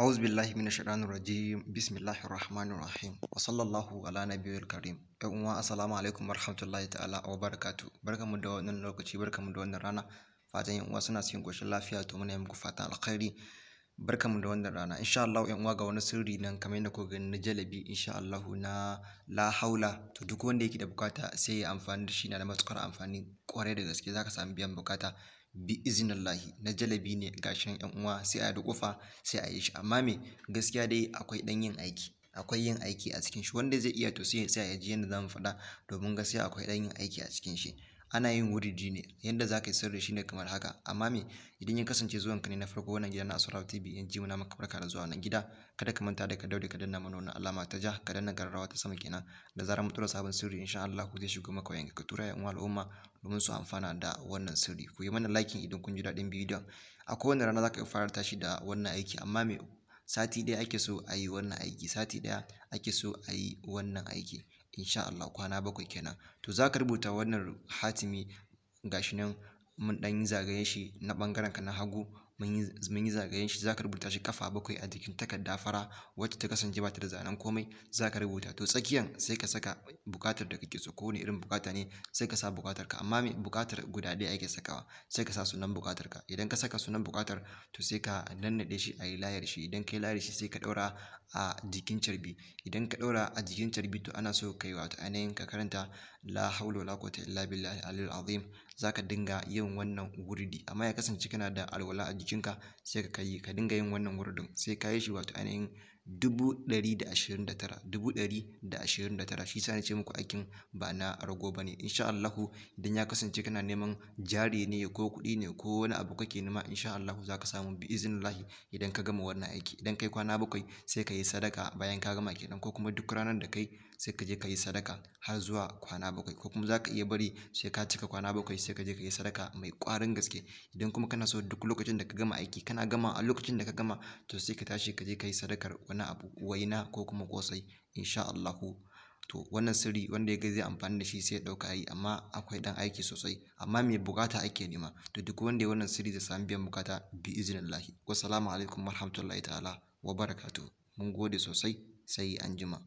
أعوذ بالله من الشيطان الرجيم بسم الله الرحمن karim وصلى الله على نبي الكريم uwa assalamu alaikum warahmatullahi ta'ala wa barakatu barkamu da wannan lokaci barkamu da wannan rana fatan ƴan uwa suna cikin ƙoshin lafiya to muna muku fatan alkhairi barkamu da wannan rana insha Allah yan uwa ga wani sirri nan kamar yadda kuka gani na jalabi insha Allah na la haula to duk wanda yake da bukata sai ya amfani da shi na da matsukar amfani kwarai da gaske zaka samu biyan bukata bi iznillah na jalabi ne gashin yan uwa sai a da kofa sai a yi shi amma me gaskiya dai akwai dan yin aiki akwai yin aiki a cikin shi wanda zai iya to sai ya ji yadda zamu faɗa domin gaskiya akwai dan yin aiki a cikin shi ana yin wuridi ne yadda za ka yi sirri shine kamar haka amma me idan ya kasance zuwan ka ne na farko wannan gida na Asrawa TV in ji muna maka barka da zuwa wannan gida kada ka manta da ka daure ka danna mana wannan alama ta ja ka danna garrawa ta sama kenan da zarar mutura sabon sirri insha Allah zai shigo maka wayanka ka tura yan al'umma domin su amfana da wannan sirri ku yi mana liking idan kun ji daɗin bidiyon a kowane rana za ka fara tashi da wannan aiki amma me sati ɗaya ake so a yi wannan aiki sati ɗaya ake so a yi wannan aiki insha Allah kwana bakwai kenan to za ka rubuta wannan hatimi gashi nan mun ɗan zagaye shi na ɓangaren ka na hagu mun yi zagayen shi za ka rubuta shi kafa bakwai a jikin takarda fara wacce ta kasance ba ta da zanen komai za ka rubuta to tsakiyan sai ka saka buƙatar da kake so kowane irin bukata ne sai ka sa buƙatar ka amma me buƙatar guda ɗaya ake sakawa sai ka sa sunan buƙatar ka idan ka saka sunan bukatar to sai ka nannaɗe shi a yi layar shi idan ka yi layar shi sai ka ɗaura a jikin carbi idan ka ɗaura a jikin carbi to ana so ka yi wato ainihin ka karanta la haula wala quwwata illa billahi al azim zaka dinga yin wannan wurdi amma ya kasance kana da alwala a jikin jikinka sai ka kai ka dinga yin wannan wurdin sai ka yi shi wato ainihin Dubu ɗari da ashirin tara, shi sa ce muku aikin ba na rago ba ne insha Allahu idan ya kasance kana neman jari ne ko kuɗi ne ko wani abu kake nema insha Allahu za ka samu bi lahi, idan ka gama wannan aiki idan kai kwana bakwai sai ka yi sadaka bayan ka gama kenan ko kuma duk ranar da kai sai ka je ka yi sadaka har zuwa kwana bakwai ko kuma za ka iya bari sai ka cika kwana bakwai sai ka je ka yi sadaka mai ƙwarin gaske idan kuma kana so duk lokacin da ka gama aiki kana gama a lokacin da ka gama to sai ka tashi ka je ka yi sadakar wani wani abu waina ko kuma kosai insha Allahu to wannan sirri wanda ya ga zai amfani da shi sai ya ɗauka yi amma akwai ɗan aiki sosai amma mai bukata ake nema to duk wanda ya wannan sirri zai samu biyan bukata bi iznillahi salamu alaikum warahmatullahi ta'ala wa barakatu mun gode sosai sai an jima